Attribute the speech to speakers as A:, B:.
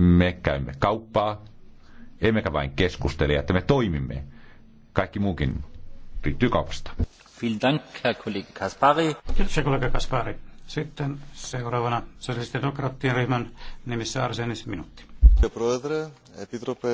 A: Me käymme kauppaa, emmekä vain keskustele, että me toimimme. Kaikki muukin riittyy kaupasta. Vielen Dank, Herr Kollege Kaspari. Kiitos,
B: kollega Kaspari. Sitten seuraavana sosialistidemokraattien ryhmän nimissä Arsenis minuutti.